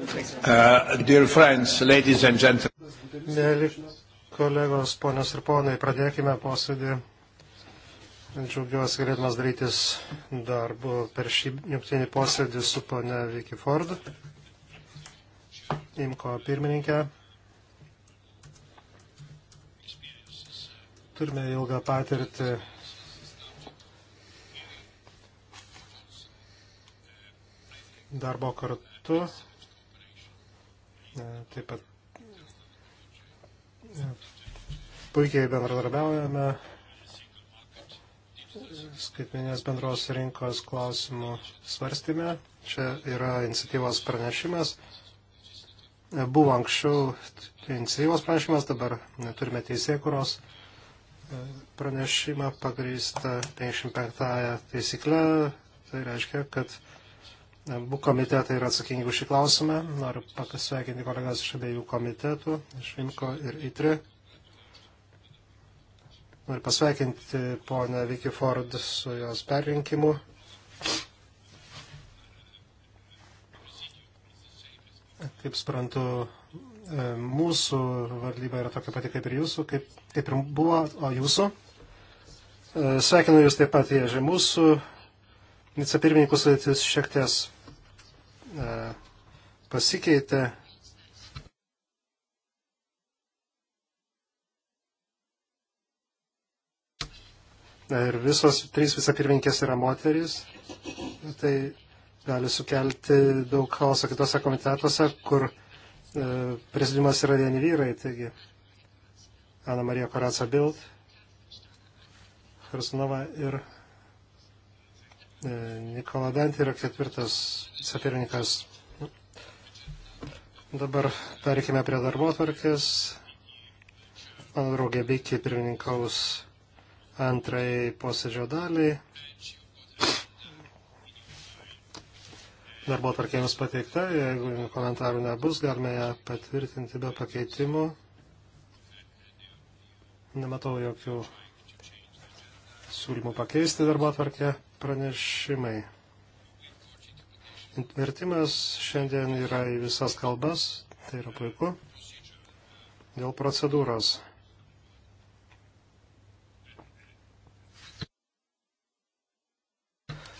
Uh, dear friends, ladies and gentlemen. Mėly kolegos, ponios ir ponai, pradėkime posėdį. Džiaugiuosi galėdamas darytis darbu per šį jungtinį posėdį su ponia Vicky Ford, Imko pirmininkė. Turime ilgą patirtį darbo kartu E, taip pat e, puikiai bendradarbiaujame skaitminės bendros rinkos klausimų svarstymę. Čia yra iniciatyvos pranešimas. E, buvo anksčiau iniciatyvos pranešimas, dabar turime teisėkuros pranešimą pagrįstą 55 taisykle. Tai reiškia, kad Abu komitetai yra atsakingi už šį klausimą. Noriu pasveikinti kolegas iš abiejų komitetų, iš Vimko ir Itri. Noriu pasveikinti ponę Vicky Ford su jos perrinkimu. Kaip suprantu, e, mūsų valdyba yra tokia pati kaip ir jūsų, kaip, kaip ir buvo, o jūsų. E, sveikinu jūs taip pat, Ježė, mūsų vicepirmininkų sudėtis šiek tiek E, pasikeitė. Ir visos trys visapirminkės yra moterys. Tai gali sukelti daug chaoso kitose komitetuose, kur e, prezidimas yra vieni vyrai. Taigi, Ana Marija Koraca Bild, Hrustanova ir E, Nikola Dantė yra ketvirtas sapirinkas. Dabar tarkime prie darbo tvarkės. Mano draugė Bikė pirmininkaus antrai posėdžio daliai. Darbo tvarkė jums pateikta, jeigu komentarų nebus, galime ją patvirtinti be pakeitimų. Nematau jokių siūlymų pakeisti darbo tvarkę pranešimai. Vertimas šiandien yra į visas kalbas, tai yra puiku. Dėl procedūros.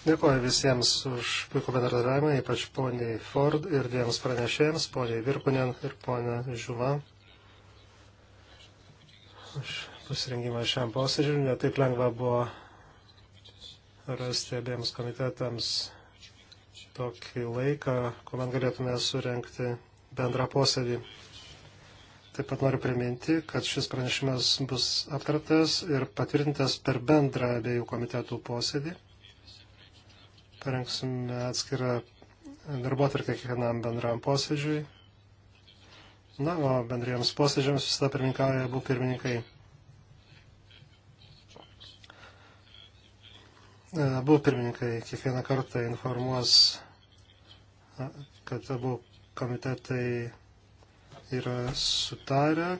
Dėkuoju visiems už puikų bendradarbiavimą, ypač poniai Ford ir dviems pranešėjams, poniai Virkunen ir ponia Žuva. Už pasirengimą šiam posėdžiui netaip lengva buvo rasti abiems komitetams tokį laiką, kuomet galėtume surenkti bendrą posėdį. Taip pat noriu priminti, kad šis pranešimas bus aptartas ir patvirtintas per bendrą abiejų komitetų posėdį. Parengsime atskirą darbotvarkę kiekvienam bendram posėdžiui. Na, o bendriems posėdžiams visada pirmininkauja abu pirmininkai. abu pirmininkai kiekvieną kartą informuos, kad abu komitetai yra sutarę.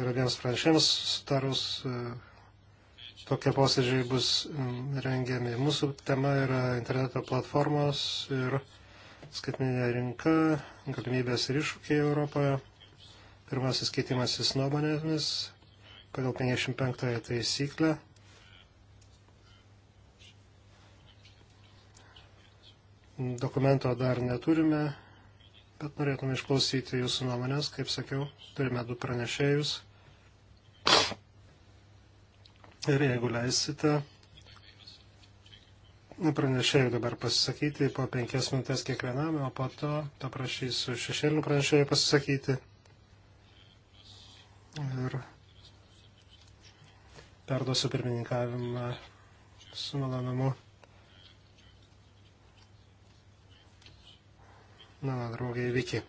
Yra vienas pranešėjimas sutarus, tokie posėdžiai bus rengiami. Mūsų tema yra interneto platformos ir skaitminė rinka, galimybės ir iššūkiai Europoje. Pirmasis keitimasis nuomonėmis pagal 55 taisyklę. Dokumento dar neturime, bet norėtume išklausyti jūsų nuomonės. Kaip sakiau, turime du pranešėjus. Ir jeigu leisite, pranešėjų dabar pasisakyti po penkias minutės kiekvienam, o po to paprašysiu šešėlių pranešėjų pasisakyti. Ir perduosiu pirmininkavimą su malonumu. Mano draugai Viki.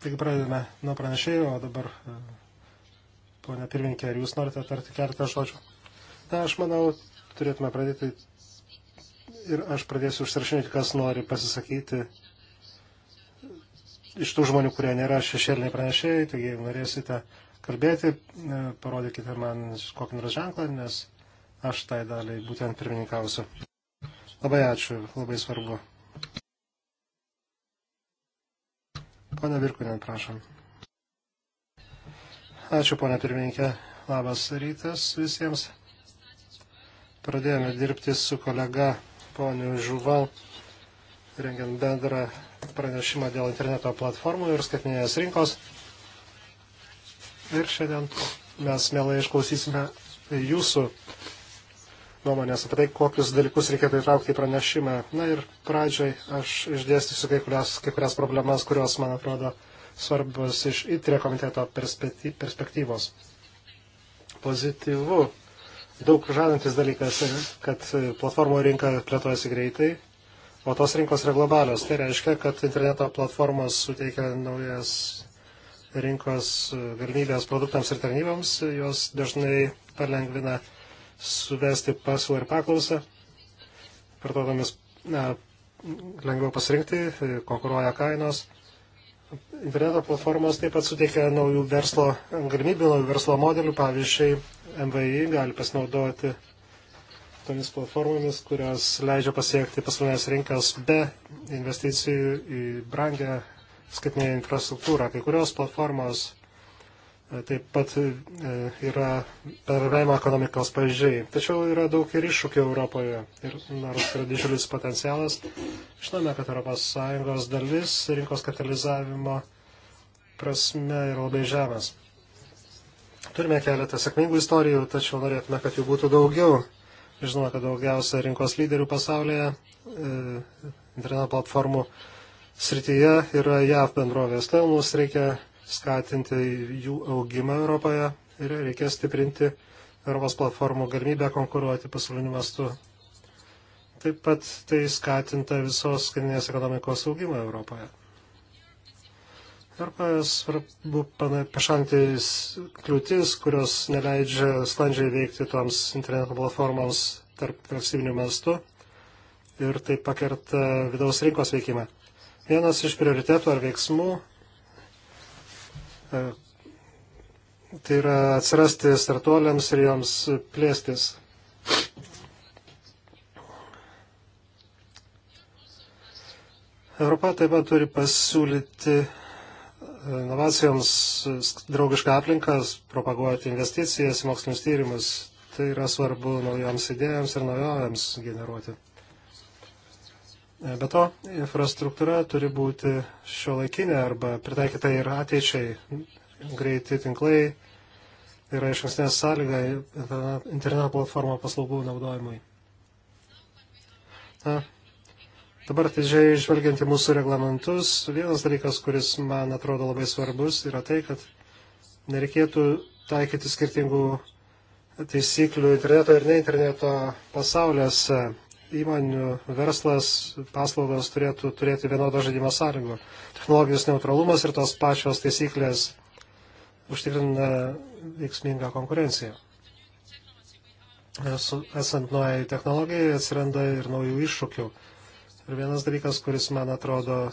Taigi pradedame nuo pranešėjo, o dabar, e, ponia pirmininkė, ar jūs norite tarti keletą žodžių? Na, aš manau, turėtume pradėti ir aš pradėsiu užsirašinėti, kas nori pasisakyti iš tų žmonių, kurie nėra šešėliniai pranešėjai, taigi jeigu norėsite kalbėti, e, parodykite man kokį nors ženklą, nes aš tai daliai būtent pirmininkausiu. Labai ačiū, labai svarbu. Pone Virkunen, prašom. Ačiū, ponė pirmininkė. Labas rytas visiems. Pradėjome dirbti su kolega poniu Žuval rengiant bendrą pranešimą dėl interneto platformų ir skaitinės rinkos. Ir šiandien mes mielai išklausysime jūsų nuomonės apie tai, kokius dalykus reikėtų įtraukti į pranešimą. Na ir pradžioj aš išdėstysiu kai kurias, kai kurias problemas, kurios, man atrodo, svarbus iš įtrė e komiteto perspektyvos. Pozityvu, daug žadantis dalykas, kad platformų rinka plėtojasi greitai O tos rinkos yra globalios. Tai reiškia, kad interneto platformos suteikia naujas rinkos galimybės produktams ir tarnybams. Jos dažnai palengvina suvesti pasiūlą ir paklausą. Vartotomis lengviau pasirinkti, konkuruoja kainos. Interneto platformos taip pat suteikia naujų verslo galimybių, naujų verslo modelių. Pavyzdžiui, MVI gali pasinaudoti tomis platformomis, kurios leidžia pasiekti pasaulinės rinkas be investicijų į brangę skaitinę infrastruktūrą. Kai kurios platformos e, taip pat e, yra bendravimo ekonomikos pavyzdžiai. Tačiau yra daug ir iššūkių Europoje. Ir nors yra didžiulis potencialas, žinome, kad ES dalis rinkos katalizavimo prasme yra labai žemas. Turime keletą sėkmingų istorijų, tačiau norėtume, kad jų būtų daugiau. Žinoma, kad daugiausia rinkos lyderių pasaulyje e, interneto platformų srityje yra JAV bendrovės. Tai mums reikia skatinti jų augimą Europoje ir reikia stiprinti Europos platformų galimybę konkuruoti pasauliniu mastu. Taip pat tai skatinta visos skandinės ekonomikos augimą Europoje. Arba svarbu pašalinti kliūtis, kurios neleidžia sklandžiai veikti toms interneto platformoms tarp valstybinių mastų ir taip pakerta vidaus rinkos veikimą. Vienas iš prioritetų ar veiksmų e, tai yra atsirasti startuoliams ir joms plėstis. Europa taip pat turi pasiūlyti inovacijoms draugišką aplinką, propaguoti investicijas į mokslinius tyrimus. Tai yra svarbu naujoms idėjams ir naujovėms generuoti. Be to, infrastruktūra turi būti šio laikinė arba pritaikyta ir ateičiai. Greiti tinklai yra iš anksnės sąlyga interneto platformo paslaugų naudojimui. Na, Dabar atidžiai žvelgiant į mūsų reglamentus, vienas dalykas, kuris man atrodo labai svarbus, yra tai, kad nereikėtų taikyti skirtingų taisyklių interneto ir ne interneto pasauliuose. Įmonių verslas, paslaugos turėtų turėti vienodą žaidimo sąlygų. Technologijos neutralumas ir tos pačios taisyklės užtikrina veiksmingą konkurenciją. Esant nuo technologijai atsiranda ir naujų iššūkių Ir vienas dalykas, kuris man atrodo e,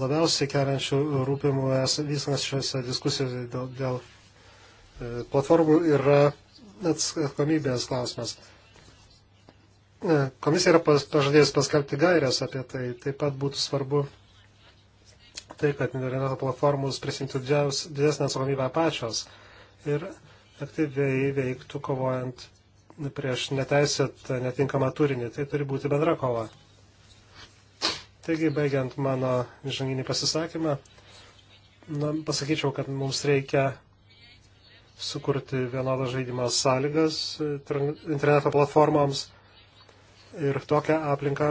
labiausiai keliančių rūpimų vystanas šiuose diskusijose dėl, dėl e, platformų yra atsakomybės klausimas. E, komisija yra pas, pažadėjus paskelbti gairias apie tai. Taip pat būtų svarbu tai, kad interneto platformos prisimtų didesnę atsakomybę pačios ir aktyviai veiktų kovojant prieš neteisėtą netinkamą turinį. Tai turi būti bendra kova. Taigi, baigiant mano žanginį pasisakymą, na, pasakyčiau, kad mums reikia sukurti vienodas žaidimo sąlygas e, interneto platformoms ir tokią aplinką,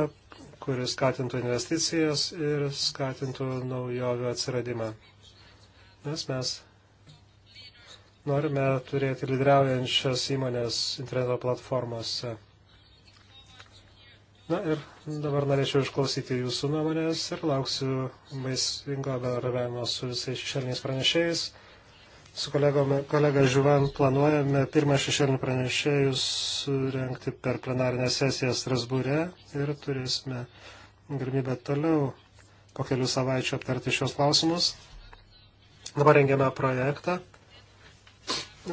kuris skatintų investicijas ir skatintų naujovių atsiradimą. Nes mes norime turėti lyderiaujančias įmonės interneto platformose. Na ir dabar norėčiau išklausyti jūsų nuomonės ir lauksiu vaisingo bendradarbiavimo su visais šešėliniais pranešėjais. Su kolegome, kolega Žuvan planuojame pirmą šešėlinį pranešėjus rengti per plenarinę sesiją Strasbūre ir turėsime galimybę toliau po kelių savaičių aptarti šios klausimus. Dabar rengiame projektą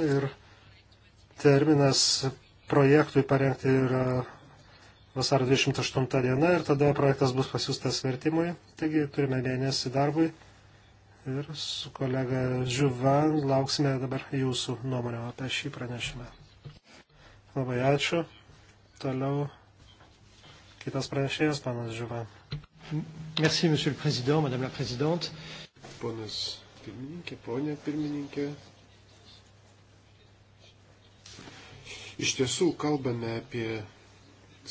ir terminas projektui parengti yra vasaro 28 diena ir tada projektas bus pasiūstas vertimui. Taigi turime mėnesį darbui ir su kolega Žuvan lauksime dabar jūsų nuomonę apie šį pranešimą. Labai ačiū. Toliau kitas pranešėjas, panas Žuvan. Merci, monsieur le président, madame la présidente. Ponas pirmininkė, ponė pirmininkė, Iš tiesų kalbame apie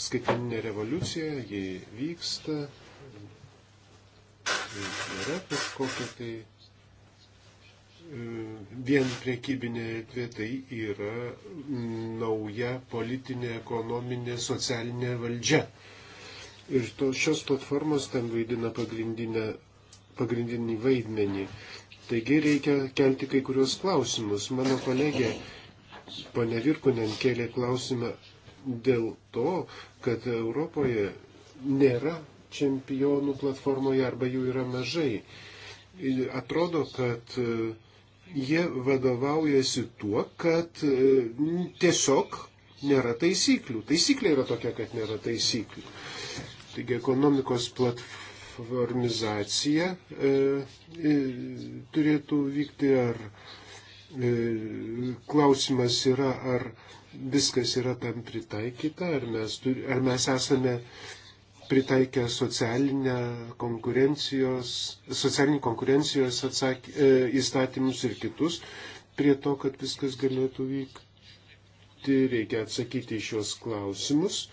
skaitmeninė revoliucija, ji vyksta, yra kažkokia tai e, vien priekybinė erdvė, tai yra nauja politinė, ekonominė, socialinė valdžia. Ir to, šios platformos ten vaidina pagrindinį vaidmenį. Taigi reikia kelti kai kurios klausimus. Mano kolegė, ponia Virkunen, kėlė klausimą dėl to, kad Europoje nėra čempionų platformoje arba jų yra mažai. Atrodo, kad e, jie vadovaujasi tuo, kad e, tiesiog nėra taisyklių. Taisyklė yra tokia, kad nėra taisyklių. Taigi ekonomikos platformizacija e, e, turėtų vykti ar e, klausimas yra, ar viskas yra tam pritaikyta, ar mes, turi, ar mes esame pritaikę socialinę konkurencijos, socialinį konkurencijos atsak, e, įstatymus ir kitus prie to, kad viskas galėtų vykti. Reikia atsakyti į šios klausimus,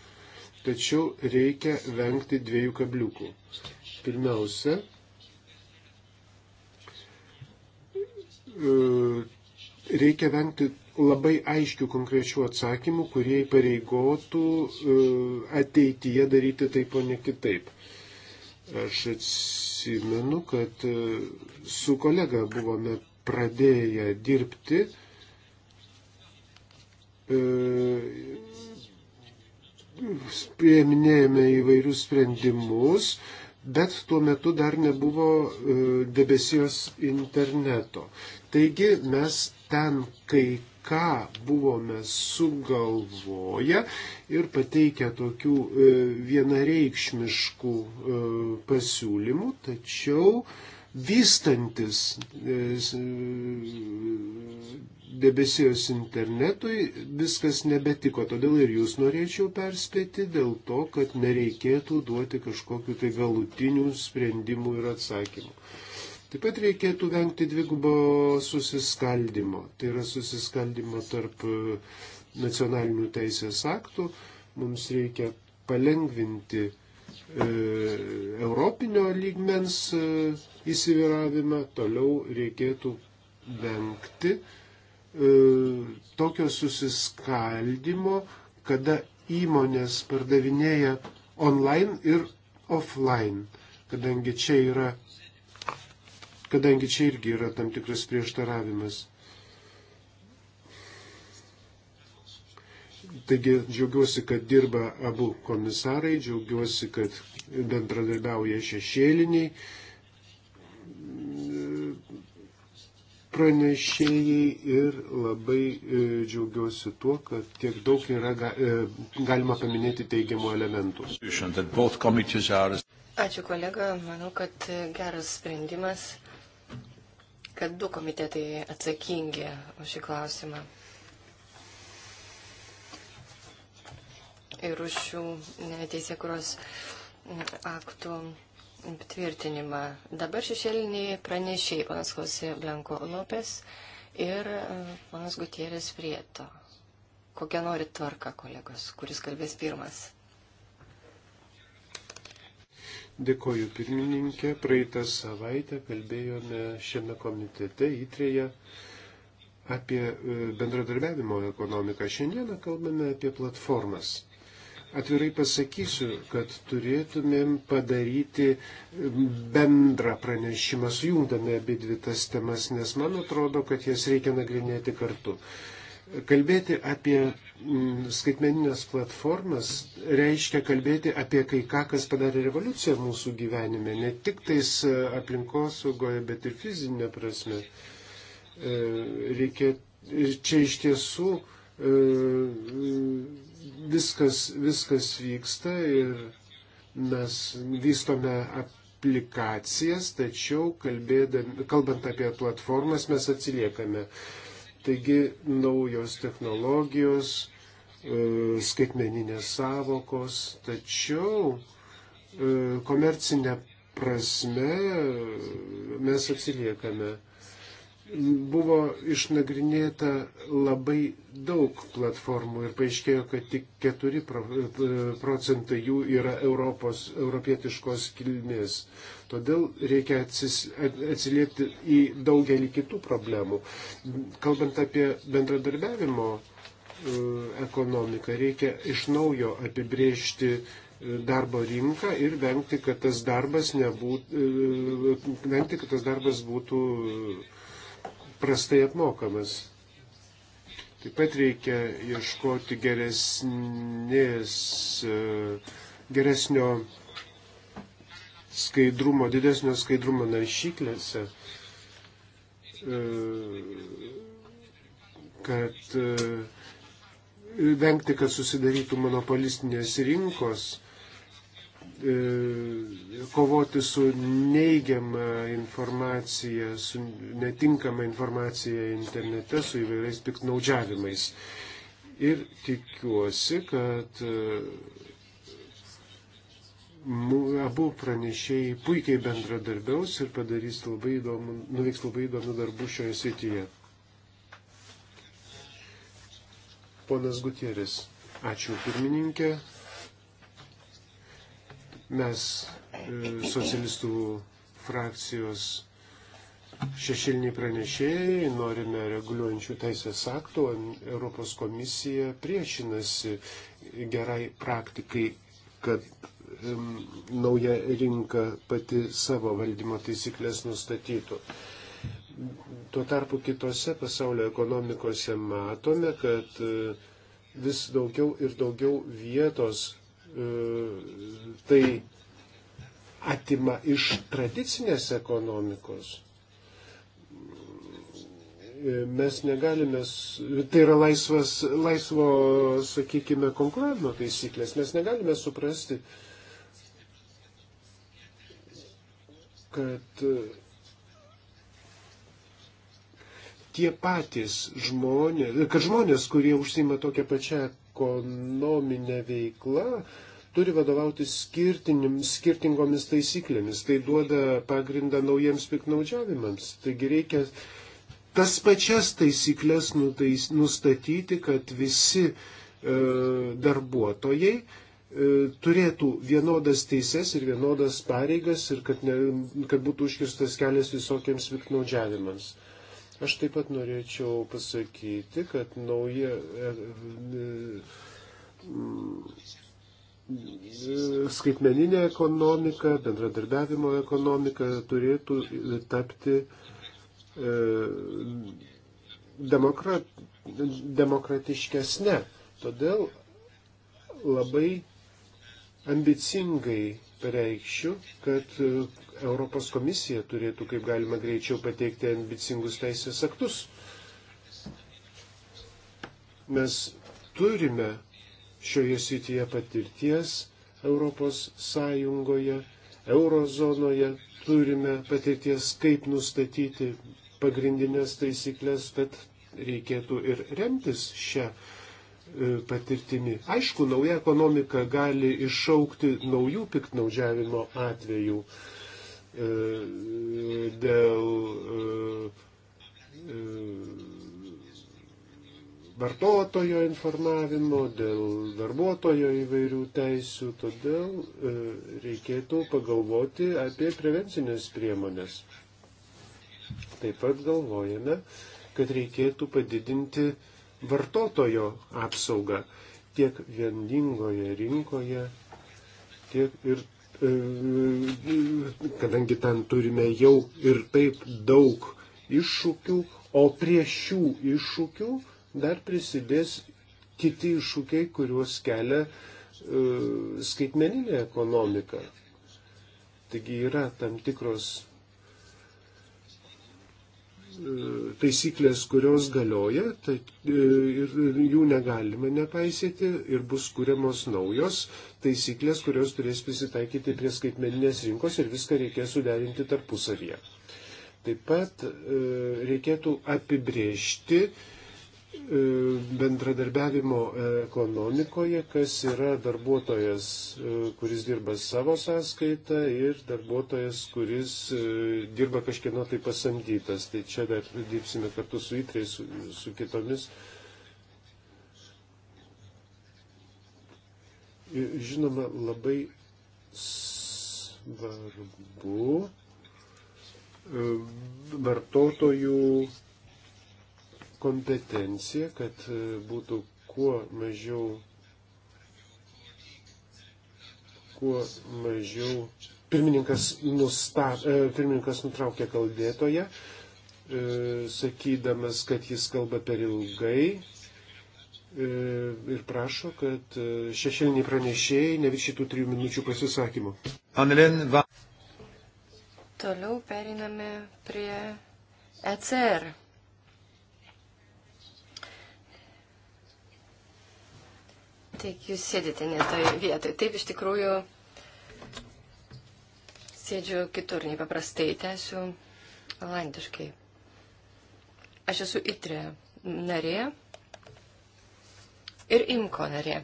tačiau reikia vengti dviejų kabliukų. Pirmiausia, e, reikia vengti labai aiškių konkrečių atsakymų, kurie įpareigotų e, ateityje daryti taip, o ne kitaip. Aš atsimenu, kad e, su kolega buvome pradėję dirbti. E, Prieminėjome įvairius sprendimus, bet tuo metu dar nebuvo debesijos interneto. Taigi mes ten kai ką buvome sugalvoję ir pateikę tokių e, vienareikšmiškų e, pasiūlymų, tačiau vystantis e, debesijos internetui viskas nebetiko, todėl ir jūs norėčiau perspėti dėl to, kad nereikėtų duoti kažkokiu tai galutinių sprendimų ir atsakymų. Taip pat reikėtų vengti dvigubo susiskaldimo. Tai yra susiskaldimo tarp e, nacionalinių teisės aktų. Mums reikia palengvinti e, europinio lygmens e, įsiviravimą. Toliau reikėtų vengti e, tokio susiskaldimo, kada įmonės pardavinėja online ir offline, kadangi čia yra kadangi čia irgi yra tam tikras prieštaravimas. Taigi džiaugiuosi, kad dirba abu komisarai, džiaugiuosi, kad bendradarbiauja šešėliniai e, pranešėjai ir labai e, džiaugiuosi tuo, kad tiek daug yra ga, e, galima paminėti teigiamų elementų. Ačiū kolega, manau, kad geras sprendimas kad du komitetai atsakingi už šį klausimą. Ir už šių teisėkuros aktų tvirtinimą. Dabar šešėliniai pranešiai, panas Klausė Blanko Lopes ir e, panas Gutierės Prieto. Kokią nori tvarką, kolegos, kuris kalbės pirmas? Dėkoju pirmininkė. Praeitą savaitę kalbėjome šiame komitete įtrėje apie e, bendradarbiavimo ekonomiką. Šiandieną kalbame apie platformas. Atvirai pasakysiu, kad turėtumėm padaryti e, bendrą pranešimą, sujungdami abi dvi tas temas, nes man atrodo, kad jas reikia nagrinėti kartu. Kalbėti apie mm, skaitmeninės platformas reiškia kalbėti apie kai ką, kas padarė revoliuciją mūsų gyvenime, ne tik tais e, aplinkosaugoje, bet ir fizinė prasme. E, reikia, e, čia iš tiesų viskas, viskas vyksta ir mes vystome aplikacijas, tačiau kalbėdami, kalbant apie platformas mes atsiliekame. Uh, Taigi naujos technologijos, e, skaitmeninės savokos, tačiau e, komercinė prasme mes atsiliekame. Buvo išnagrinėta labai daug platformų ir paaiškėjo, kad tik 4 e, procentai jų yra Europos, europietiškos kilmės. Todėl reikia atsiliepti į daugelį kitų problemų. Kalbant apie bendradarbiavimo e, ekonomiką, reikia iš naujo apibrėžti e, darbo rinką ir vengti, kad tas darbas, nebūtų, e, vengti, kad tas darbas būtų prastai apmokamas. Taip pat reikia ieškoti geresnės, geresnio skaidrumo, didesnio skaidrumo naršyklėse, e, kad e, vengti, kad susidarytų monopolistinės rinkos, e, kovoti su neigiama informacija, su netinkama informacija internete, su įvairiais piknaudžiavimais. Ir tikiuosi, kad abu pranešėjai puikiai bendradarbiaus ir padarys labai įdomų, nuveiks labai įdomių darbų šioje srityje. Ponas Gutieris, ačiū pirmininkė. Mes e, socialistų frakcijos šešilniai pranešėjai norime reguliuojančių teisės aktų, Europos komisija priešinasi gerai praktikai kad nauja rinka pati savo valdymo taisyklės nustatytų. Tuo tarpu kitose pasaulio ekonomikose matome, kad e, vis daugiau ir daugiau vietos e, tai atima iš tradicinės ekonomikos. Mes negalime, tai yra laisvas, laisvo, sakykime, konkuravimo taisyklės, mes negalime suprasti, kad e, tie patys žmonės, kad žmonės, kurie užsima tokią pačią ekonominę veiklą, turi vadovauti skirtingomis taisyklėmis. Tai duoda pagrindą naujiems piknaudžiavimams. Taigi reikia tas pačias taisyklės nutais, nustatyti, kad visi e, darbuotojai e, turėtų vienodas teises ir vienodas pareigas ir kad, ne, kad būtų užkirstas kelias visokiems piknaudžiavimams. Aš taip pat norėčiau pasakyti, kad nauja. E, e, e, skaitmeninė ekonomika, bendradarbiavimo ekonomika turėtų tapti uh, E, demokrat, demokratiškesne. Todėl labai ambicingai pareikščiu, kad Europos komisija turėtų kaip galima greičiau pateikti ambicingus teisės aktus. Mes turime šioje srityje patirties Europos Sąjungoje, eurozonoje, turime patirties, kaip nustatyti pagrindinės taisyklės, bet reikėtų ir remtis šią e, patirtimi. Aišku, nauja ekonomika gali iššaukti naujų piknaudžiavimo atvejų e, dėl e, vartotojo informavimo, dėl darbuotojo įvairių teisių, todėl reikėtų pagalvoti apie prevencinės priemonės. Taip pat galvojame, kad reikėtų padidinti vartotojo apsaugą tiek vieningoje rinkoje, tiek ir e, kadangi ten turime jau ir taip daug iššūkių, o prie šių iššūkių dar prisidės kiti iššūkiai, kuriuos kelia e, skaitmeninė ekonomika. Taigi yra tam tikros E, taisyklės, kurios galioja, tai e, ir jų negalime nepaisyti ir bus kuriamos naujos taisyklės, kurios turės prisitaikyti prie skaitmeninės rinkos ir viską reikės suderinti tarpusavyje. Taip pat e, reikėtų apibriežti, E, bendradarbiavimo ekonomikoje, kas yra darbuotojas, e, kuris dirba savo sąskaitą ir darbuotojas, kuris e, dirba kažkieno tai pasamdytas. Tai čia dar dirbsime kartu su įtrais, su, su kitomis. Ir, žinoma, labai svarbu vartotojų kompetenciją, kad e, būtų kuo mažiau, kuo mažiau. Pirmininkas, nusta, e, pirmininkas nutraukė kalbėtoje, sakydamas, kad jis kalba per ilgai e, ir prašo, kad šešėliniai pranešėjai neviršytų trijų minučių pasisakymų. Toliau periname prie ECR Tik jūs sėdite ne toje vietoje. Taip, iš tikrųjų, sėdžiu kitur, nei paprastai tęsiu olandiškai. Aš esu itrė narė ir imko narė.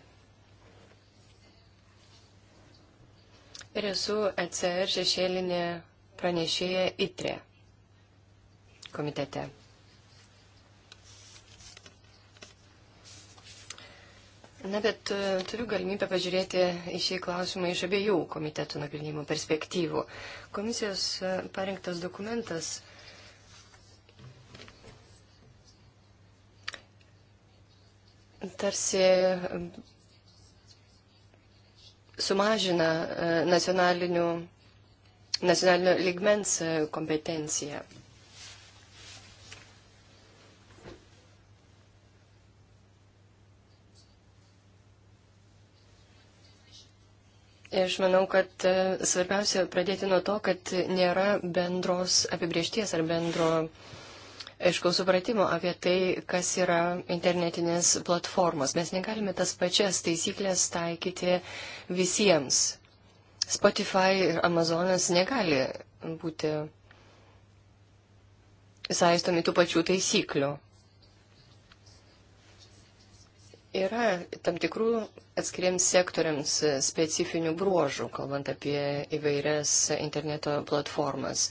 Ir esu ECR šešėlinė pranešėja itrė komitete. Na, bet e, turiu galimybę pažiūrėti į šį klausimą iš abiejų komitetų nagrinėjimo perspektyvų. Komisijos e, parengtas dokumentas tarsi e, sumažina nacionalinių, nacionalinio ligmens kompetenciją. Aš manau, kad e, svarbiausia pradėti nuo to, kad nėra bendros apibriešties ar bendro aiškaus supratimo apie tai, kas yra internetinės platformos. Mes negalime tas pačias taisyklės taikyti visiems. Spotify ir Amazonas negali būti saistomi tų pačių taisyklių. Yra tam tikrų atskiriems sektoriams specifinių bruožų, kalbant apie įvairias interneto platformas.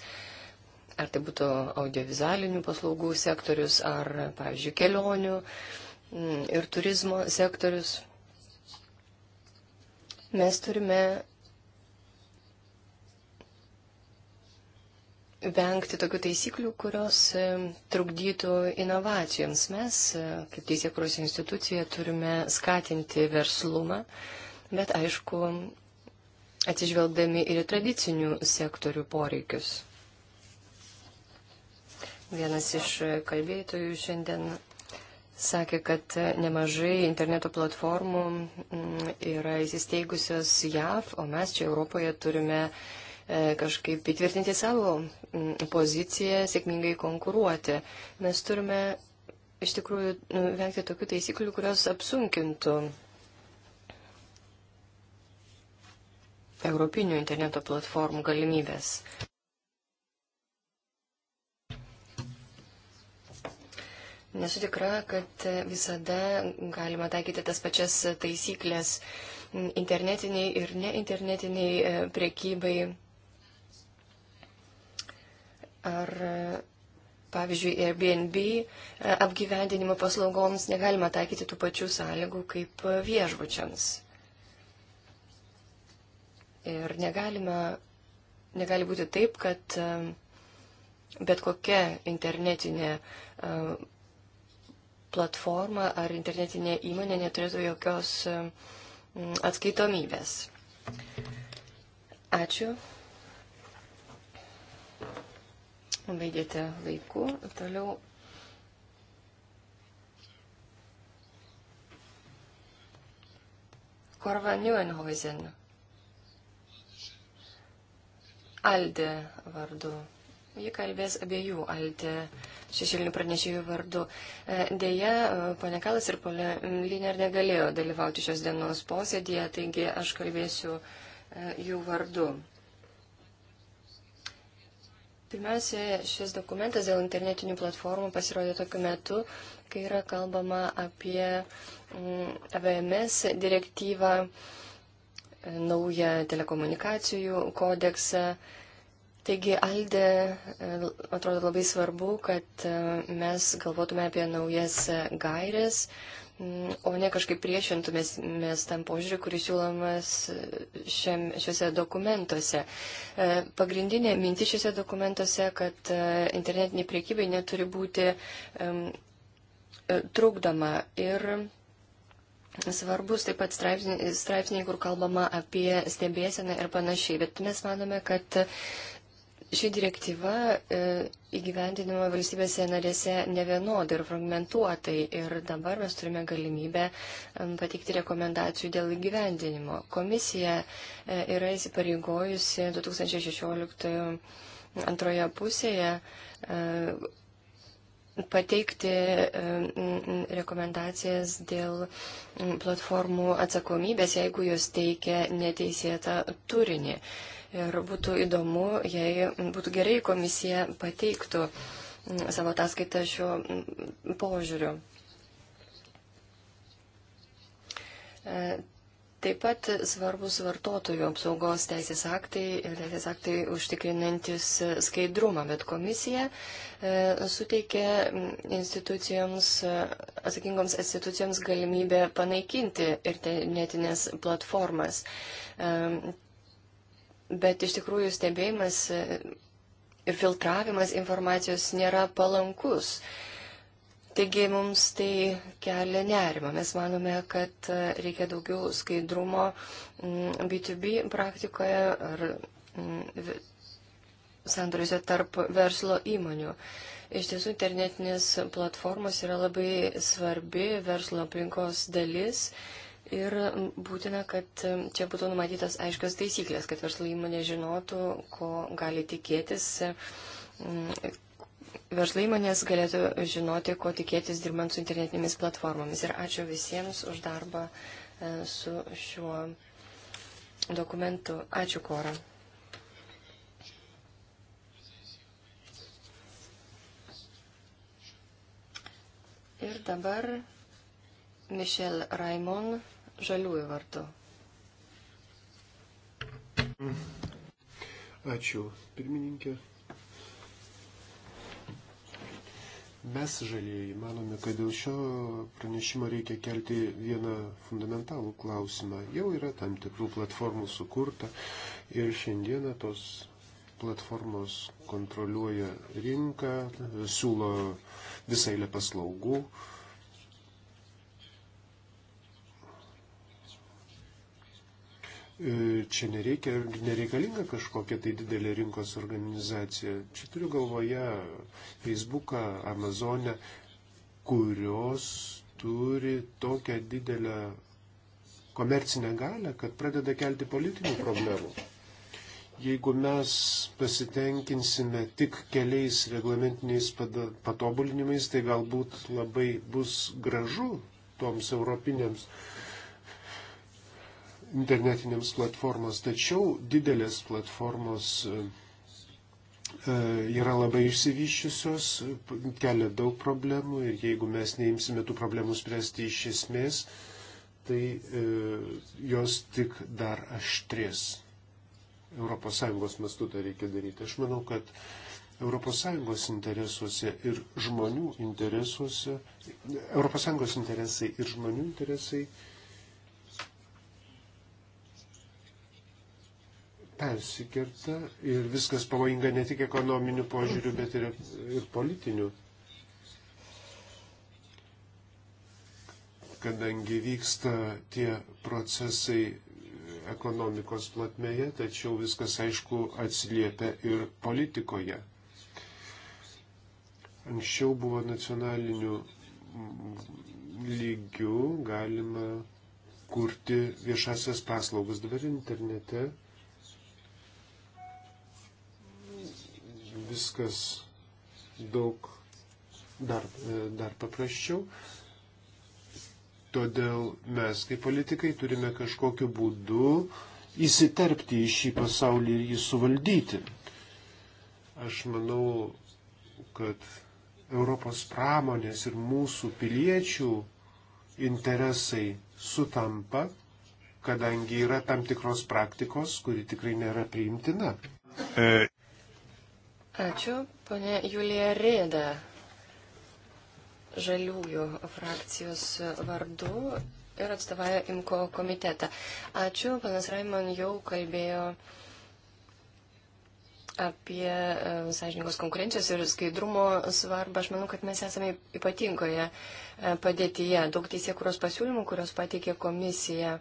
Ar tai būtų audiovizualinių paslaugų sektorius, ar, pavyzdžiui, kelionių mm, ir turizmo sektorius. Mes turime vengti tokių taisyklių, kurios e, trukdytų inovacijoms. Mes, e, kaip Teisėkuros institucija, turime skatinti verslumą, bet aišku, atsižvelgdami ir į tradicinių sektorių poreikius. Vienas iš kalbėtojų šiandien sakė, kad nemažai interneto platformų mm, yra įsisteigusios JAV, o mes čia Europoje turime uh, E, kažkaip įtvirtinti savo poziciją, sėkmingai konkuruoti. Mes turime iš tikrųjų nu, vengti tokių taisyklių, kurios apsunkintų europinių interneto platformų galimybės. Nesu tikra, kad visada galima taikyti tas pačias taisyklės internetiniai ir neinternetiniai e, priekybai Ar, pavyzdžiui, Airbnb e, apgyvendinimo paslaugoms negalima taikyti tų pačių sąlygų kaip viešbučiams. Ir negalima, negali būti taip, kad e, bet kokia internetinė e, platforma ar internetinė įmonė neturėtų jokios atskaitomybės. Ačiū. Baigėte laiku. Toliau. Korva Neuenhuizen. Aldė vardu. Ji kalbės abiejų Aldė šešėlinių pranešėjų vardu. E, Deja, ponė Kalas ir ponė Liner negalėjo dalyvauti šios dienos posėdėje, taigi aš kalbėsiu e, jų vardu. Pirmiausia, šis dokumentas dėl internetinių platformų pasirodė tokiu metu, kai yra kalbama apie mm, AVMS direktyvą, e, naują telekomunikacijų kodeksą. Taigi, Alde, e, atrodo labai svarbu, kad e, mes galvotume apie naujas gairės, Mm, o ne kažkaip priešintumės mes tam požiūriu, kuris siūlomas e, šiam, šiuose dokumentuose. E, pagrindinė mintis šiuose dokumentuose, kad e, internetiniai priekybai neturi būti um, trukdoma. Ir svarbus taip pat straipsniai, straipsniai kur kalbama apie stebėseną ir panašiai. Bet mes manome, kad Ši direktyva e, įgyvendinama valstybėse narėse nevienodai ir fragmentuotai ir dabar mes turime galimybę e, pateikti rekomendacijų dėl įgyvendinimo. Komisija e, yra įsipareigojusi 2016 antroje pusėje pateikti rekomendacijas dėl platformų atsakomybės, jeigu jos teikia neteisėtą turinį. Ir būtų įdomu, jei būtų gerai komisija pateiktų mm, savo ataskaitą šiuo mm, požiūriu. E, taip pat svarbus vartotojų apsaugos teisės aktai ir teisės aktai užtikrinantis skaidrumą, bet komisija e, suteikė mm, institucijoms, e, atsakingoms institucijoms galimybę panaikinti internetinės platformas bet iš tikrųjų stebėjimas e, ir filtravimas informacijos nėra palankus. Taigi mums tai kelia nerima. Mes manome, kad e, reikia daugiau skaidrumo B2B mm, praktikoje ar mm, sandoriuose tarp verslo įmonių. Iš tiesų, internetinės platformos yra labai svarbi verslo aplinkos dalis Ir būtina, kad čia būtų numatytos aiškios taisyklės, kad verslo įmonė žinotų, ko gali tikėtis. Verslo įmonės galėtų žinoti, ko tikėtis dirbant su internetinėmis platformomis. Ir ačiū visiems už darbą e, su šiuo dokumentu. Ačiū, Kora. Ir dabar Michel Raimond žaliųjų vardu. Ačiū, pirmininkė. Mes žalieji manome, kad dėl šio pranešimo reikia kelti vieną fundamentalų klausimą. Jau yra tam tikrų platformų sukurta ir šiandieną tos platformos kontroliuoja rinką, siūlo visą eilę paslaugų, E, čia nereikia, nereikalinga kažkokia tai didelė rinkos organizacija. Čia turiu galvoje Facebooką, Amazonę, kurios turi tokią didelę komercinę galę, kad pradeda kelti politinių problemų. Jeigu mes pasitenkinsime tik keliais reglamentiniais patobulinimais, tai galbūt labai bus gražu toms europinėms internetinėms platformos, tačiau didelės platformos e, e, yra labai išsivyščiusios, kelia daug problemų ir jeigu mes neimsime tų problemų spręsti iš esmės, tai e, jos tik dar aštrės. ES mastu tą reikia daryti. Aš manau, kad ES interesuose ir žmonių interesuose, ES interesai ir žmonių interesai e, persikerta ir viskas pavojinga ne tik ekonominiu požiūriu, bet ir, ir politiniu. Kadangi vyksta tie procesai ekonomikos platmeje, tačiau viskas aišku atsiliepia ir politikoje. Anksčiau buvo nacionalinių lygių galima kurti viešasias paslaugas. Dabar internete viskas daug dar, e, dar paprasčiau. Todėl mes kaip politikai turime kažkokiu būdu įsiterpti į šį pasaulį ir jį suvaldyti. Aš manau, kad Europos pramonės ir mūsų piliečių interesai sutampa, kadangi yra tam tikros praktikos, kuri tikrai nėra priimtina. E. Ačiū, ponė Julija Rėda, žaliųjų frakcijos vardu ir atstovauja IMKO komitetą. Ačiū, panas Raimon jau kalbėjo apie e, sąžininkos konkurencijos ir skaidrumo svarbą. Aš manau, kad mes esame ypatingoje e, padėtyje. Daug teisėkuros pasiūlymų, kurios pateikė komisija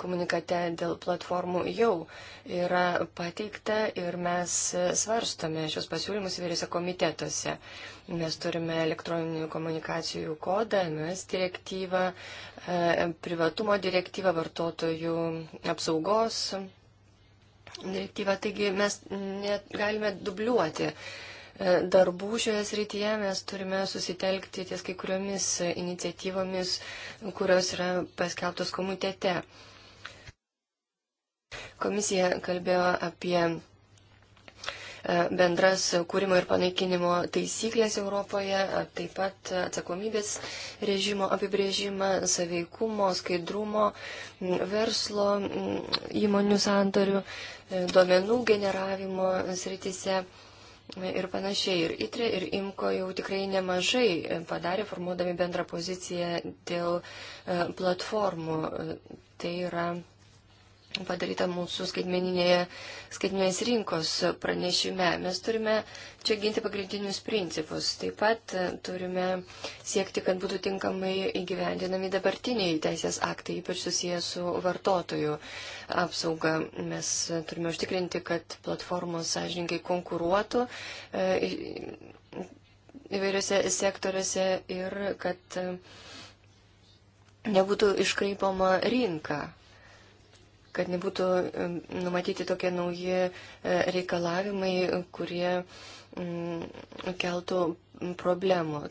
komunikate dėl platformų jau yra pateikta ir mes svarstome šios pasiūlymus įvairiose komitetuose. Mes turime elektroninių komunikacijų kodą, MS direktyvą, e, privatumo direktyvą, vartotojų apsaugos direktyvą. Taigi mes negalime dubliuoti E, darbų šioje srityje. Mes turime susitelkti ties kai kuriomis iniciatyvomis, kurios yra paskelbtos komitete. Komisija kalbėjo apie e, bendras kūrimo ir panaikinimo taisyklės Europoje, taip pat atsakomybės režimo apibrėžimą, saveikumo, skaidrumo, verslo įmonių santorių, e, duomenų generavimo sritise ir panašiai. Ir ITRE, ir IMKO jau tikrai nemažai e, padarė, formuodami bendrą poziciją dėl e, platformų. E, tai yra padaryta mūsų skaitmeninėje skaitmeninės rinkos pranešime. Mes turime čia ginti pagrindinius principus. Taip pat e, turime siekti, kad būtų tinkamai įgyvendinami dabartiniai teisės aktai, ypač susijęs su vartotojų apsauga. Mes turime užtikrinti, kad platformos sąžininkai konkuruotų e, įvairiose sektoriuose ir kad e, nebūtų iškreipama rinka kad nebūtų numatyti tokie nauji e, reikalavimai, kurie mm, keltų problemų.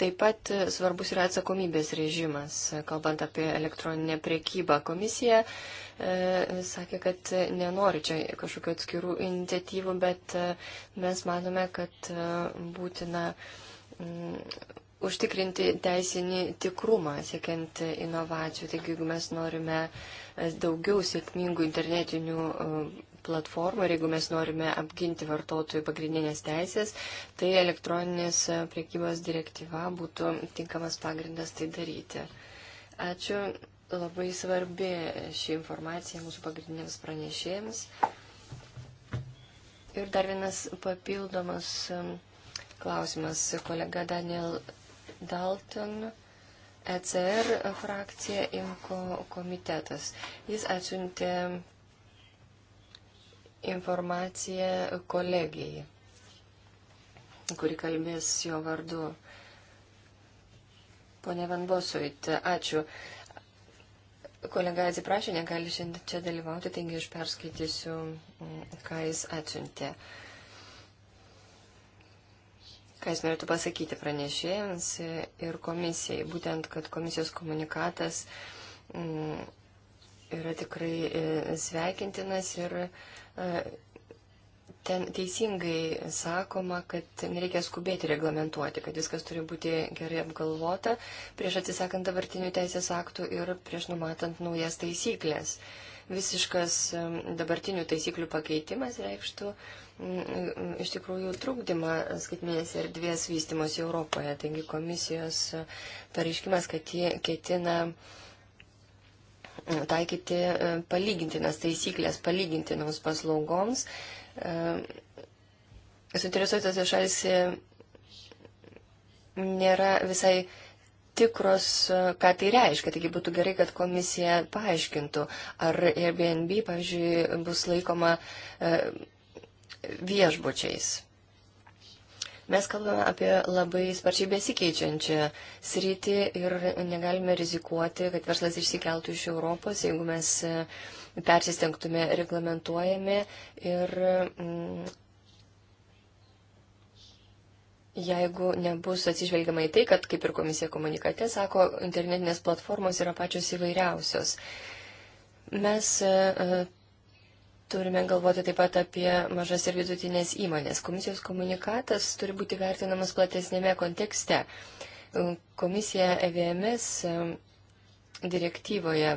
Taip pat e, svarbus yra atsakomybės režimas, e, kalbant apie elektroninę priekybą. Komisija e, sakė, kad nenori čia kažkokių atskirų iniciatyvų, bet e, mes manome, kad e, būtina m, mm, užtikrinti teisinį tikrumą, siekiant inovacijų. Taigi, jeigu mes norime daugiau sėkmingų internetinių e, platformų ir jeigu mes norime apginti vartotojų pagrindinės teisės, tai elektroninės priekybos direktyva būtų tinkamas pagrindas tai daryti. Ačiū, labai svarbi ši informacija mūsų pagrindiniams pranešėjams. Ir dar vienas papildomas e, klausimas. Kolega Daniel Dalton, ECR frakcija Inko komitetas. Jis atsiuntė informaciją kolegijai, kuri kalbės jo vardu. Pone Van Bosuit, ačiū. Kolega atsiprašė, negali šiandien čia dalyvauti, taigi aš perskaitysiu, mm, ką jis atsiuntė. Uh, ką jis norėtų pasakyti pranešėjams ir komisijai. Būtent, kad komisijos komunikatas mm, yra tikrai e, sveikintinas ir e, ten teisingai sakoma, kad nereikia skubėti reglamentuoti, kad viskas turi būti gerai apgalvota prieš atsisakant dabartinių teisės aktų ir prieš numatant naujas taisyklės. Visiškas e, dabartinių taisyklių pakeitimas reikštų uh, iš tikrųjų trukdymą skaitmenės erdvės vystimus Europoje. Taigi komisijos pareiškimas, kad jie ketina taikyti e, palygintinas taisyklės palygintinoms paslaugoms. E, Suinteresuotas šalis nėra visai tikros, e, ką tai reiškia. Taigi būtų gerai, kad komisija paaiškintų, ar Airbnb, pavyzdžiui, bus laikoma viešbučiais. Mes kalbame apie labai sparčiai besikeičiančią sritį ir negalime rizikuoti, kad verslas išsikeltų iš Europos, jeigu mes e, persistengtume reglamentuojami ir mm, jeigu nebus atsižvelgiama į tai, kad, kaip ir komisija komunikate sako, internetinės platformos yra pačios įvairiausios. Mes e, e, Turime galvoti taip pat apie mažas ir vidutinės įmonės. Komisijos komunikatas turi būti vertinamas platesnėme kontekste. Komisija EVMS e, direktyvoje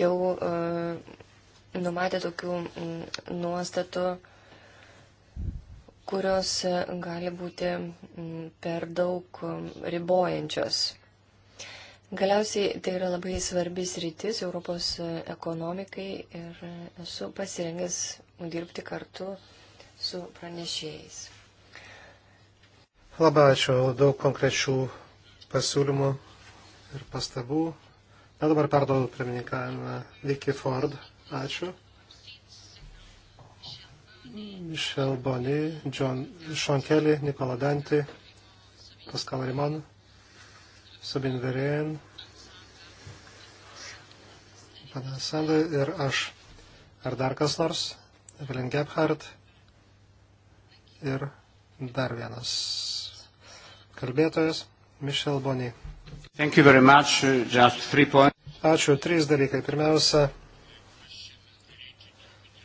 jau e, numatė tokių nuostatų, kurios e, gali būti per daug ribojančios Galiausiai tai yra labai svarbis rytis Europos ekonomikai ir esu pasirengęs dirbti kartu su pranešėjais. Labai ačiū, daug konkrečių pasiūlymų ir pastabų. Na dabar perduodu pirmininkavimą Vicky Ford. Ačiū. Michel Boni, John Šonkelį, Nikola Dantį, Paskal Riman. Sabin Verėjan, pana Sandai ir aš. Ar dar kas nors? Evelyn Gebhardt ir dar vienas kalbėtojas, Michel Boni. Ačiū. Trys dalykai. Pirmiausia,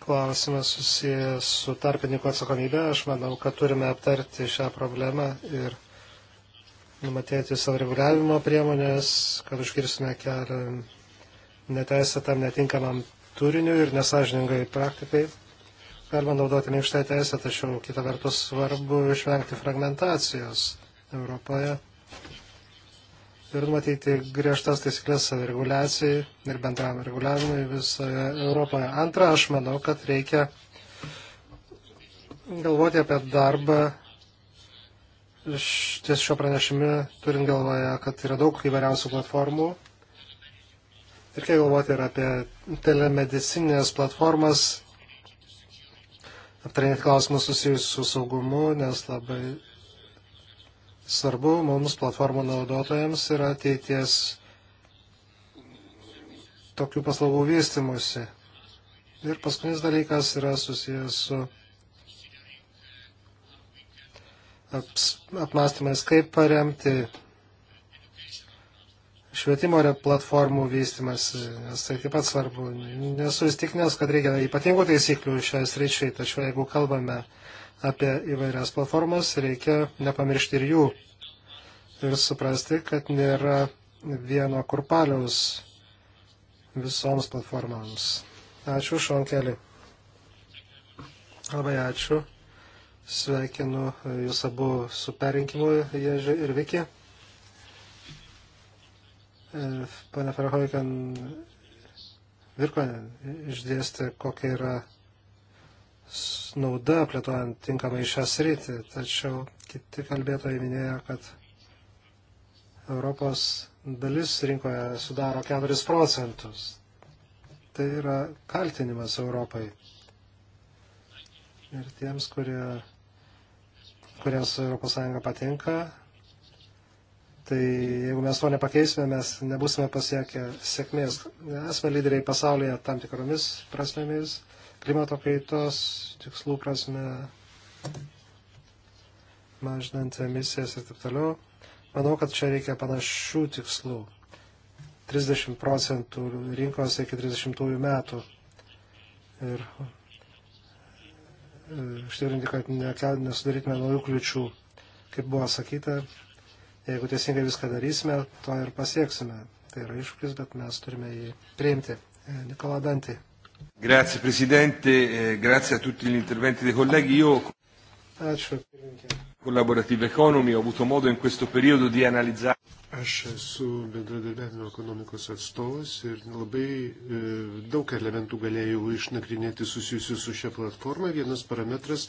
klausimas susijęs su tarpininkų atsakomybė. Aš manau, kad turime aptarti šią problemą ir numatyti savireguliavimo priemonės, kad užkirsime kelią neteisėtam, netinkamam turiniu ir nesažiningai praktikai. Galima naudoti minkštą teisę, tačiau kita vertus svarbu išvengti fragmentacijos Europoje ir numatyti griežtas taisyklės savireguliacijai ir bendram reguliavimui visoje Europoje. Antra, aš manau, kad reikia galvoti apie darbą ties šio pranešime, turint galvoje, kad yra daug įvairiausių platformų. Reikia galvoti ir apie telemedicinės platformas, aptarinėti klausimus susijusius su saugumu, nes labai svarbu mums platformų naudotojams yra ateities tokių paslaugų vystimusi. Ir paskutinis dalykas yra susijęs su apmastymais, kaip paremti švietimo platformų vystimas, nes tai taip pat svarbu. Nesu įstikinęs, kad reikia ypatingų taisyklių šioje sričiai, tačiau jeigu kalbame apie įvairias platformas, reikia nepamiršti ir jų ir suprasti, kad nėra vieno kurpaliaus visoms platformoms. Ačiū, Šonkelį. Labai ačiū. Sveikinu Jūs abu su perinkimu, Ježi ir Viki. E, Pane Ferhoikan Virkonen išdėstė, kokia yra nauda plėtojant tinkamai šią sritį, tačiau kiti kalbėtojai minėjo, kad Europos dalis rinkoje sudaro 4 procentus. Tai yra kaltinimas Europai. Ir tiems, kurie kuriems ES patinka. Tai jeigu mes to nepakeisime, mes nebusime pasiekę sėkmės. Esame lyderiai pasaulyje tam tikromis prasmėmis, klimato kaitos tikslų prasme, mažinant emisijas ir taip toliau. Manau, kad čia reikia panašių tikslų. 30 procentų rinkos iki 30 metų. Ir užtikrinti, kad nesudarytume naujų kliučių. Kaip buvo sakyta, jeigu teisingai viską darysime, to ir pasieksime. Tai yra iššūkis, bet mes turime jį priimti. E, Nikola Dantį. Grazie Presidente, e grazie a tutti gli interventi dei colleghi. Io... Ačiū, pirmininkė. Collaborative Economy ho avuto modo in questo periodo di analizzare. Aš esu bendradarbiavimo ekonomikos atstovas ir labai e, daug elementų galėjau išnagrinėti susijusių su šia platforma. Vienas parametras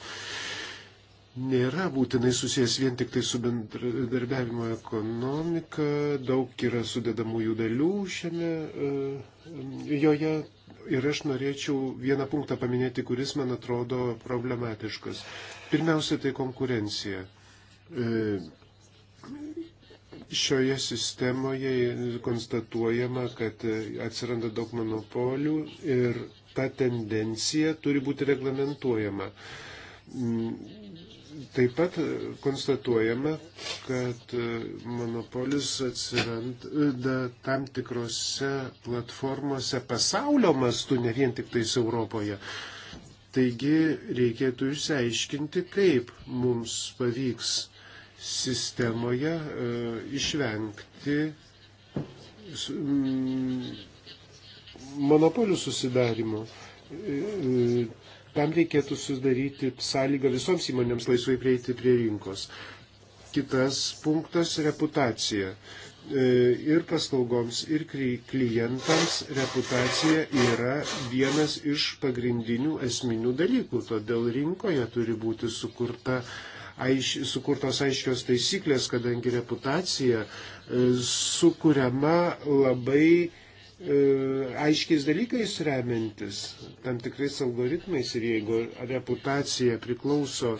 nėra būtinai susijęs vien tik tai su bendradarbiavimo ekonomika, daug yra sudedamųjų dalių šiame e, joje, Ir aš norėčiau vieną punktą paminėti, kuris man atrodo problematiškas. Pirmiausia, tai konkurencija. E, šioje sistemoje konstatuojama, kad atsiranda daug monopolių ir ta tendencija turi būti reglamentuojama mm, Taip pat e, konstatuojame, kad e, monopolis atsiranda e, tam tikrose platformose pasaulio mastu, ne vien tik tais Europoje. Taigi reikėtų išsiaiškinti, kaip mums pavyks sistemoje e, išvengti monopolių susidarimo. E, tam reikėtų sudaryti sąlygą visoms įmonėms laisvai prieiti prie rinkos. Kitas punktas - reputacija. E, ir paslaugoms, ir klientams reputacija yra vienas iš pagrindinių esminių dalykų. Todėl rinkoje turi būti sukurta aiš, sukurtos aiškios taisyklės, kadangi reputacija e, sukuriama labai E, aiškiais dalykais remiantis, tam tikrais algoritmais ir jeigu reputacija priklauso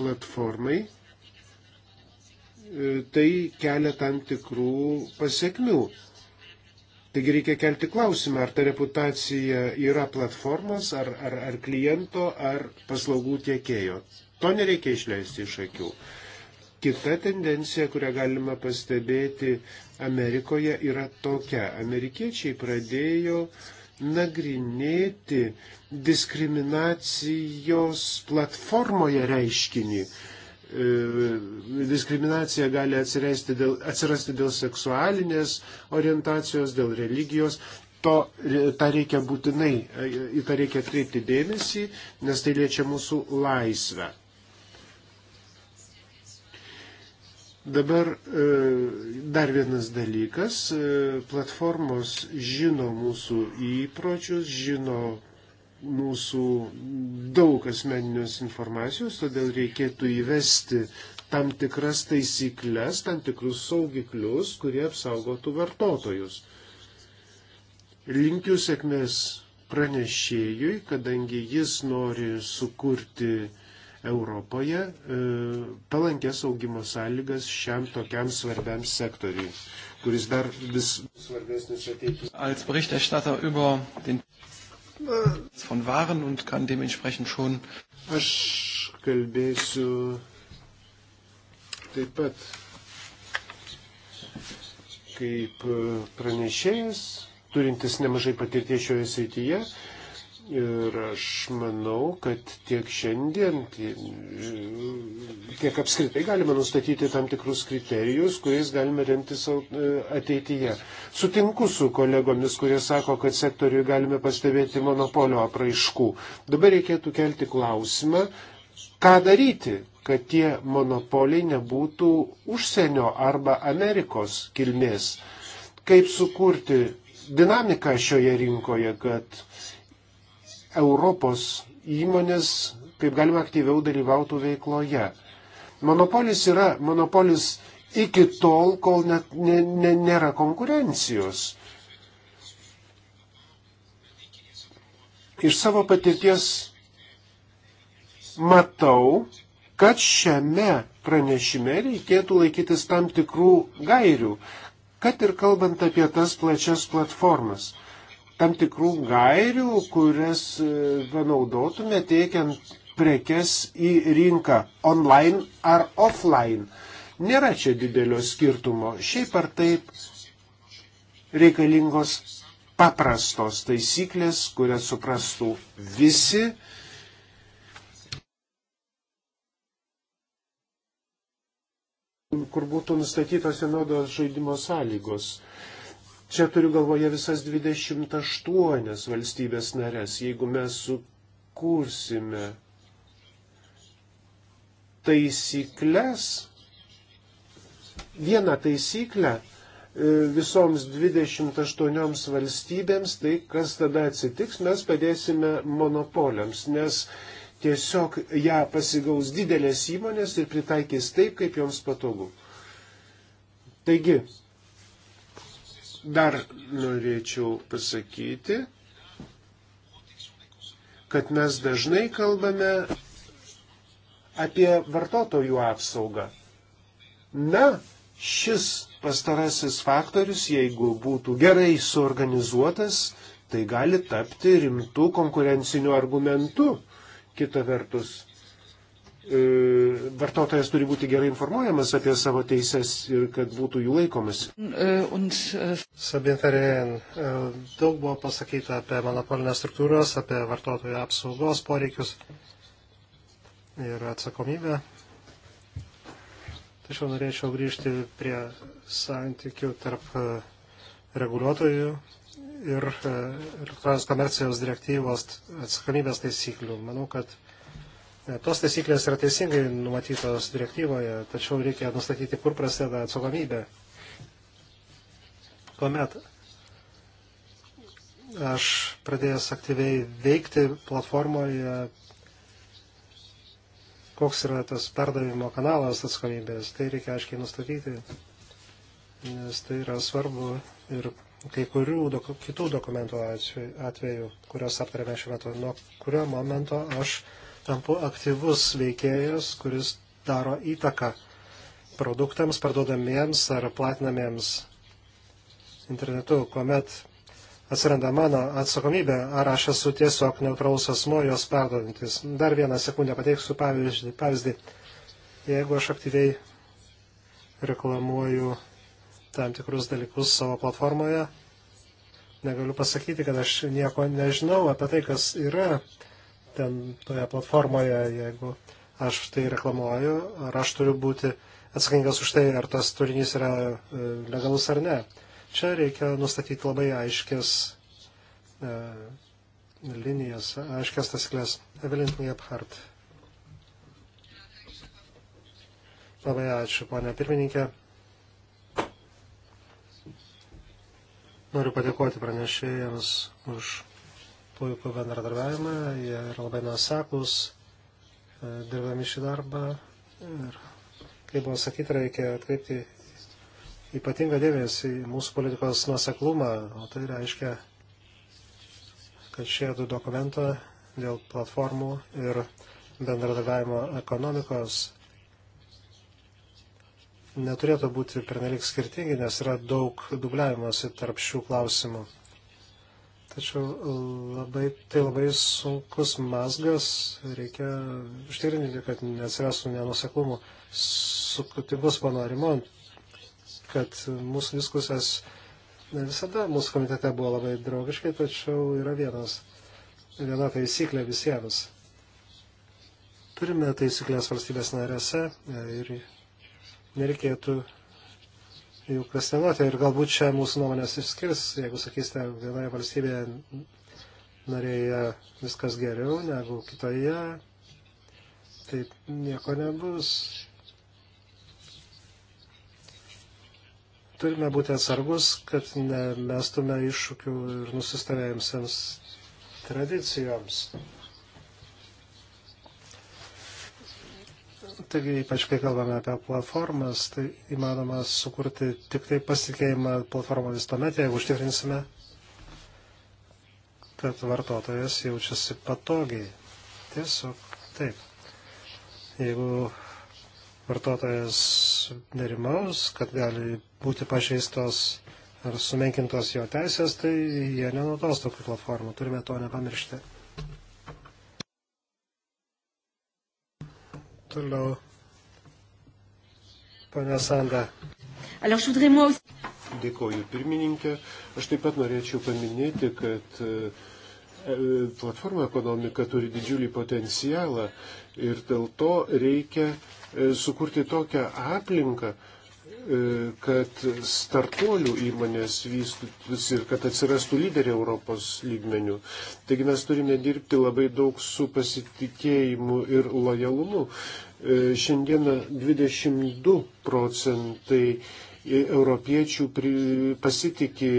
platformai, e, tai kelia tam tikrų pasiekmių. Taigi reikia kelti klausimą, ar ta reputacija yra platformos, ar, ar, ar kliento, ar paslaugų tiekėjo. To nereikia išleisti iš akių. Kita tendencija, kurią galima pastebėti Amerikoje, yra tokia. Amerikiečiai pradėjo nagrinėti diskriminacijos platformoje reiškinį. E, diskriminacija gali atsirasti dėl, atsirasti dėl seksualinės orientacijos, dėl religijos. To, tą reikia būtinai, į tą reikia atkreipti dėmesį, nes tai liečia mūsų laisvę. Dabar e, dar vienas dalykas. E, platformos žino mūsų įpročius, žino mūsų daug asmeninės informacijos, todėl reikėtų įvesti tam tikras taisyklės, tam tikrus saugiklius, kurie apsaugotų vartotojus. Linkiu sėkmės pranešėjui, kadangi jis nori sukurti Europoje e, palankės augimo sąlygas šiam tokiam svarbiam sektoriui, kuris dar vis svarbesnis ateityje. Von Waren und kann dementsprechend schon. Aš kalbėsiu taip pat kaip e, pranešėjas, turintis nemažai patirties šioje srityje. Uh, Ir aš manau, kad tiek šiandien, tiek apskritai galime nustatyti tam tikrus kriterijus, kuriais galime remtis e, ateityje. Sutinku su kolegomis, kurie sako, kad sektoriui galime pastebėti monopolio apraiškų. Dabar reikėtų kelti klausimą, ką daryti, kad tie monopoliai nebūtų užsienio arba Amerikos kilmės. Kaip sukurti dinamiką šioje rinkoje, kad Europos įmonės kaip galima aktyviau dalyvautų veikloje. Monopolis yra monopolis iki tol, kol net ne, ne, nėra konkurencijos. Iš savo patirties matau, kad šiame pranešime reikėtų laikytis tam tikrų gairių, kad ir kalbant apie tas plačias platformas tam tikrų gairių, kurias panaudotume e, teikiant prekes į rinką online ar offline. Nėra čia didelio skirtumo. Šiaip ar taip reikalingos paprastos taisyklės, kurias suprastų visi. kur būtų nustatytos vienodos žaidimo sąlygos. Čia turiu galvoje visas 28 valstybės narės. Jeigu mes sukursime taisyklės, vieną taisyklę e, visoms 28 valstybėms, tai kas tada atsitiks, mes padėsime monopoliams, nes tiesiog ją pasigaus didelės įmonės ir pritaikys taip, kaip joms patogu. Taigi, dar norėčiau pasakyti, kad mes dažnai kalbame apie vartotojų apsaugą. Na, šis pastarasis faktorius, jeigu būtų gerai suorganizuotas, tai gali tapti rimtų konkurencinių argumentų. Kita vertus, E, vartotojas turi būti gerai informuojamas apie savo teises ir kad būtų jų laikomas. E, e, Sabintarien, daug buvo pasakyta apie monopolinės struktūras, apie vartotojų apsaugos poreikius ir atsakomybę. Tačiau norėčiau grįžti prie santykių tarp reguliuotojų ir elektroninės komercijos direktyvos atsakomybės taisyklių. Manau, kad Tos taisyklės yra teisingai numatytos direktyvoje, tačiau reikia nustatyti, kur prasideda atsakomybė. Tuomet aš pradėjęs aktyviai veikti platformoje, koks yra tas perdavimo kanalas atsakomybės, tai reikia aiškiai nustatyti, nes tai yra svarbu ir kai kurių doku, kitų dokumentų atveju, kurios aptarėme šiuo metu, nuo kurio momento aš tampu aktyvus veikėjas, kuris daro įtaką produktams parduodamiems ar platinamiems internetu, kuomet atsiranda mano atsakomybė, ar aš esu tiesiog neutralus asmo jos perdodantis. Dar vieną sekundę pateiksiu pavyzdį. pavyzdį. Jeigu aš aktyviai reklamuoju tam tikrus dalykus savo platformoje, negaliu pasakyti, kad aš nieko nežinau apie tai, kas yra ten toje platformoje, jeigu aš tai reklamuoju, ar aš turiu būti atsakingas už tai, ar tas turinys yra e, legalus ar ne. Čia reikia nustatyti labai aiškės e, linijas, aiškės tasiklės. Evelyn Gebhardt. Labai ačiū, ponia pirmininkė. Noriu padėkoti pranešėjams už puikų bendradarbiavimą, jie yra labai nuoseklus, e, dirbami šį darbą ir, kaip buvo sakyti, reikia atkreipti ypatingą dėmesį į mūsų politikos nuoseklumą, o tai reiškia, kad šie du dokumento dėl platformų ir bendradarbiavimo ekonomikos neturėtų būti pernelik skirtingi, nes yra daug dubliavimuose tarp šių klausimų. Tačiau labai, tai labai sunkus mazgas, reikia užtikrinti, kad neatsirastų nenuseklumų. Sukutikus panorimo, kad mūsų diskusijos ne visada mūsų komitete buvo labai draugiškai, tačiau yra vienas, viena taisyklė visiems. Turime taisyklės valstybės narėse ir nereikėtų jų kvestionuoti. Ir galbūt čia mūsų nuomonės išskirs, jeigu sakysite, vienoje valstybėje narėje viskas geriau negu kitoje, tai nieko nebus. Turime būti atsargus, kad nemestume iššūkių ir nusistovėjusiems tradicijoms. Taigi, ypač kai kalbame apie platformas, tai įmanoma sukurti tik tai pasitikėjimą platformomis tuomet, jeigu užtikrinsime, kad vartotojas jaučiasi patogiai. Tiesiog taip. Jeigu vartotojas nerimaus, kad gali būti pažeistos ar sumenkintos jo teisės, tai jie nenaudos tokių platformų. Turime to nepamiršti. Toliau. Pane Sanda. Dėkoju pirmininkė. Aš taip pat norėčiau paminėti, kad e, e, platforma ekonomika turi didžiulį potencialą ir dėl to reikia e, sukurti tokią aplinką, E, kad startuolių įmonės vystytųsi ir kad atsirastų lyderiai Europos lygmenių. Taigi mes turime dirbti labai daug su pasitikėjimu ir lojalumu. E, šiandieną 22 procentai e, europiečių pasitikė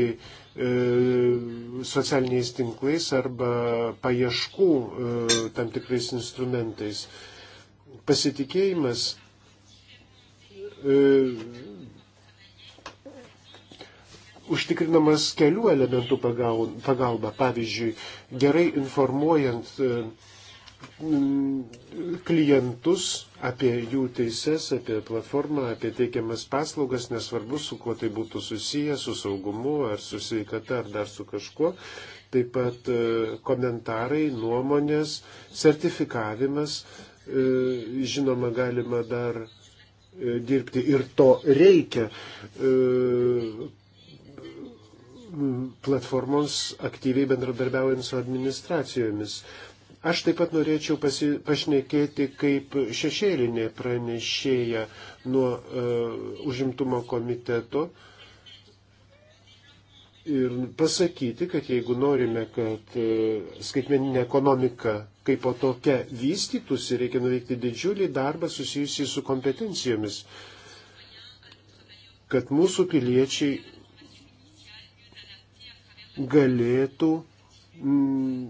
socialiniais tinklais arba paieškų tam tikrais instrumentais. Pasitikėjimas užtikrinamas kelių elementų pagalba. Pavyzdžiui, gerai informuojant e, klientus apie jų teises, apie platformą, apie teikiamas paslaugas, nesvarbu, su kuo tai būtų susiję, su saugumu ar su sveikata ar dar su kažkuo. Taip pat e, komentarai, nuomonės, sertifikavimas, e, žinoma, galima dar dirbti ir to reikia platformoms aktyviai bendradarbiaujant su administracijomis. Aš taip pat norėčiau pasi, pašnekėti kaip šešėlinė pranešėja nuo uh, užimtumo komiteto ir pasakyti, kad jeigu norime, kad uh, skaitmeninė ekonomika kaip po tokia vystytųsi, reikia nuveikti didžiulį darbą susijusį su kompetencijomis, kad mūsų piliečiai galėtų mm,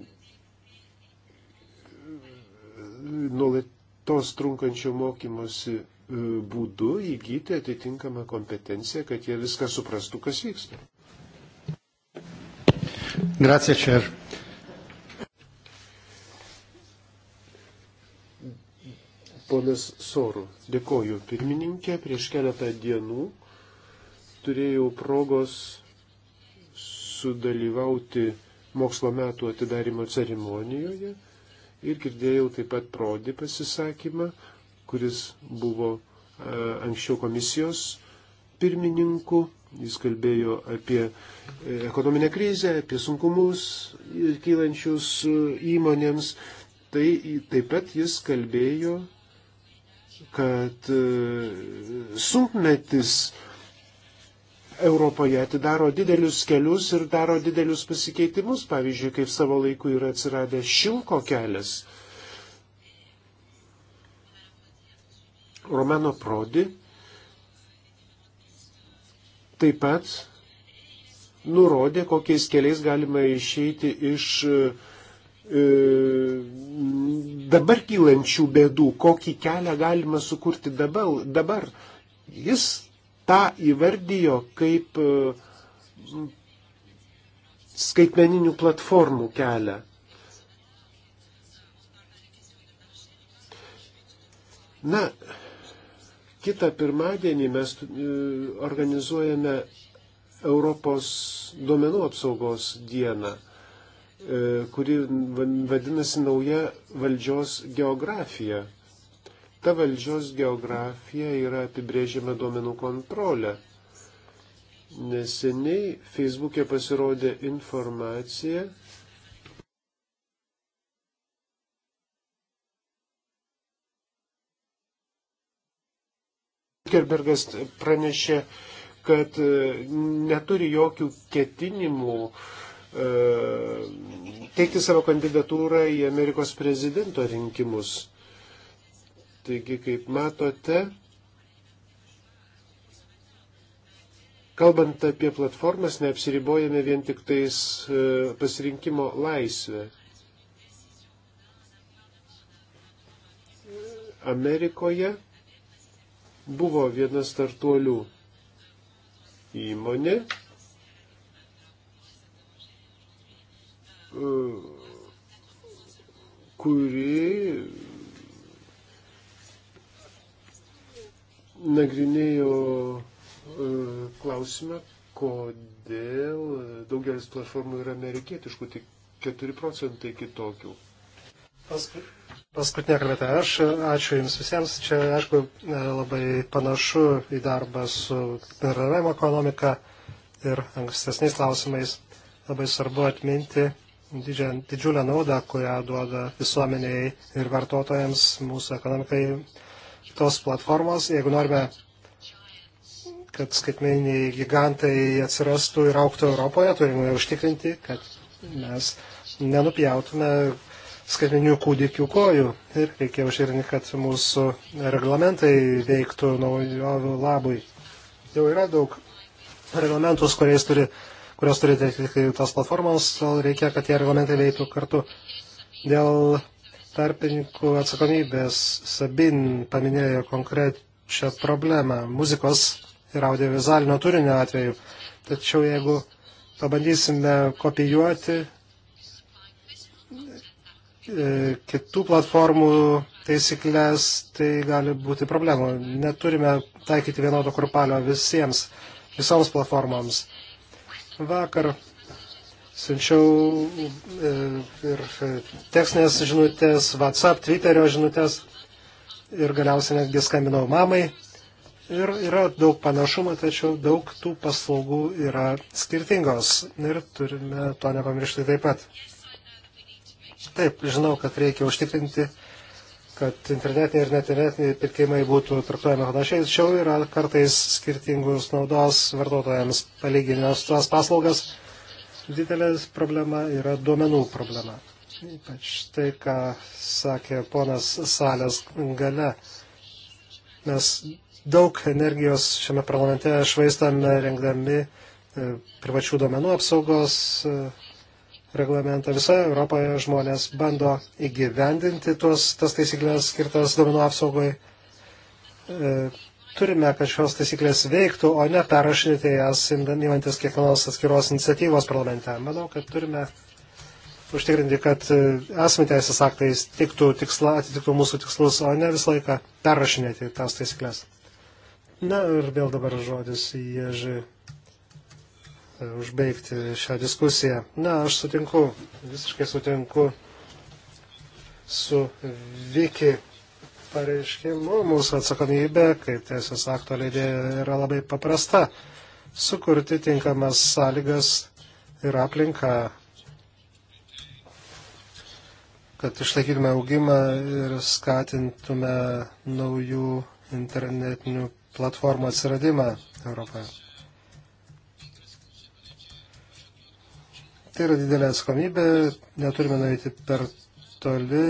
nuolatos trunkančio mokymosi e, būdu įgyti atitinkamą kompetenciją, kad jie viską suprastų, kas vyksta. Grazie, Čer. Ponas Soru, dėkoju pirmininkė, prieš keletą dienų turėjau progos sudalyvauti mokslo metų atidarimo ceremonijoje ir girdėjau taip pat prodį pasisakymą, kuris buvo e, anksčiau komisijos pirmininku. Jis kalbėjo apie e, ekonominę krizę, apie sunkumus kylančius e, įmonėms. Tai taip pat jis kalbėjo, kad sunkmetis Europoje atidaro didelius kelius ir daro didelius pasikeitimus, pavyzdžiui, kaip savo laiku yra atsiradęs šilko kelias. Romano Prodi taip pat nurodė, kokiais keliais galima išeiti iš e, dabar kylančių bėdų, kokį kelią galima sukurti dabar. dabar. Jis tą įvardijo kaip e, skaitmeninių platformų kelią. Na, kitą pirmadienį mes e, organizuojame Europos duomenų apsaugos dieną, e, kuri vadinasi nauja valdžios geografija ta valdžios geografija yra apibrėžiama duomenų kontrolė. Neseniai Facebook'e pasirodė informacija, Zuckerbergas pranešė, kad e, neturi jokių ketinimų e, teikti savo kandidatūrą į Amerikos prezidento rinkimus. Taigi, kaip matote, kalbant apie platformas, neapsiribojame vien tik tais e, pasirinkimo laisvę. Amerikoje buvo viena startuolių įmonė, e, kuri nagrinėjau e, klausimą, kodėl daugelis platformų yra amerikietiškų, tik 4 procentai kitokių. Paskui. Paskutinė kalbėta aš. Ačiū Jums visiems. Čia, aišku, e, labai panašu į darbą su bendravimo ekonomika ir ankstesniais klausimais. Labai svarbu atminti didžią, didžiulę naudą, kurią duoda visuomeniai ir vartotojams, mūsų ekonomikai tos platformos, jeigu norime, kad skaitmeniniai gigantai atsirastų ir auktų Europoje, turime užtikrinti, kad mes nenupjautume skaitmeninių kūdikių kojų ir reikia užtikrinti, kad mūsų reglamentai veiktų naujovių labui. Jau yra daug reglamentus, kuriais turi kurios turi atitikti tas platformas, reikia, kad tie reglamentai veiktų kartu. Dėl tarpininkų atsakomybės Sabin paminėjo konkrečią problemą muzikos ir audiovizualinio turinio atveju. Tačiau jeigu pabandysime kopijuoti e, kitų platformų taisyklės, tai gali būti problemų. Neturime taikyti vienodo kurpalio visiems, visoms platformoms. Vakar Siunčiau e, ir e, tekstinės žinutės, WhatsApp, Twitterio žinutės ir galiausiai netgi skambinau mamai. Ir yra daug panašumų, tačiau daug tų paslaugų yra skirtingos ir turime to nepamiršti taip pat. Taip, žinau, kad reikia užtikrinti, kad internetiniai ir netinternetiniai pirkimai būtų traktuojami panašiai, tačiau yra kartais skirtingus naudos vartotojams palyginęs tuos paslaugas didelės problema yra duomenų problema. Ypač tai, ką sakė ponas salės gale. Mes daug energijos šiame parlamente švaistame rengdami e, privačių duomenų apsaugos e, reglamentą. Visoje Europoje žmonės bando įgyvendinti tuos, tas taisyklės skirtas duomenų apsaugai e, turime, kad šios taisyklės veiktų, o ne perrašinėti jas, įmantis kiekvienos atskiros iniciatyvos parlamente. Manau, kad turime užtikrinti, kad e, esame teisės aktais tiktų tiksla, atitiktų mūsų tikslus, o ne visą laiką perrašinėti tas taisyklės. Na ir vėl dabar žodis Ježi e, užbaigti šią diskusiją. Na, aš sutinku, visiškai sutinku su Viki pareiškimu mūsų atsakomybė, kaip teisės akto leidėja, yra labai paprasta - sukurti tinkamas sąlygas ir aplinką, kad išlaikytume augimą ir skatintume naujų internetinių platformų atsiradimą Europoje. Tai yra didelė atsakomybė, neturime nueiti per toli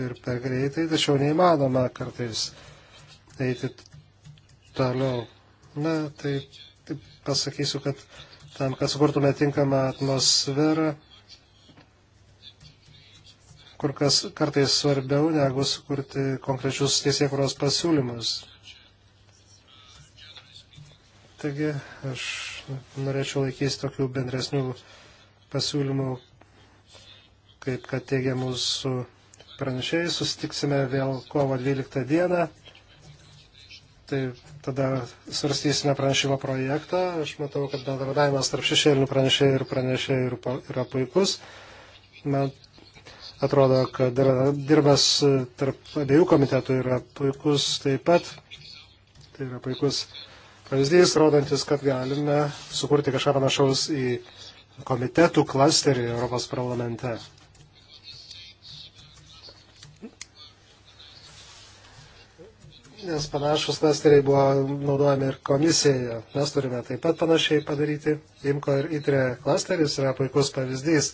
ir per greitai, tačiau neįmanoma kartais eiti toliau. Na, tai, tai pasakysiu, kad tam, kad sukurtume tinkamą atmosferą, kur kas kartais svarbiau negu sukurti konkrečius teisėkuros pasiūlymus. Taigi aš norėčiau laikytis tokių bendresnių pasiūlymų, kaip kad teigia mūsų pranešėjai. Susitiksime vėl kovo 12 dieną. Tai tada svarstysime pranešimo projektą. Aš matau, kad bendradavimas tarp šešėlinių pranešėjų ir pranešėjų yra puikus. Man atrodo, kad dirbas tarp abiejų komitetų yra puikus taip pat. Tai yra puikus pavyzdys, rodantis, kad galime sukurti kažką panašaus į komitetų klasterį Europos parlamente. nes panašus klasteriai buvo naudojami ir komisijoje. Mes turime taip pat panašiai padaryti. Imko ir ITRE klasteris yra puikus pavyzdys,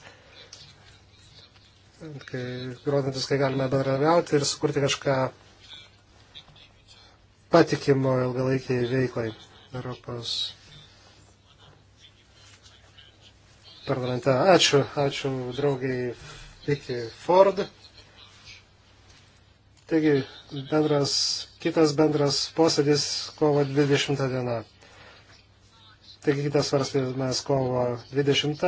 kai, rodantis, kai galime bendraviauti ir sukurti kažką patikimo ilgalaikiai veiklai Europos parlamente. Ačiū, ačiū draugiai Vicky Ford. Taigi, bendras Kitas bendras posėdis kovo 20 diena. Taigi kitas svarstymas kovo 20,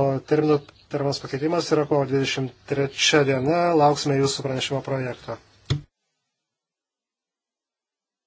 o terminų terminas pakeitimas yra kovo 23 diena. Lauksime jūsų pranešimo projektą.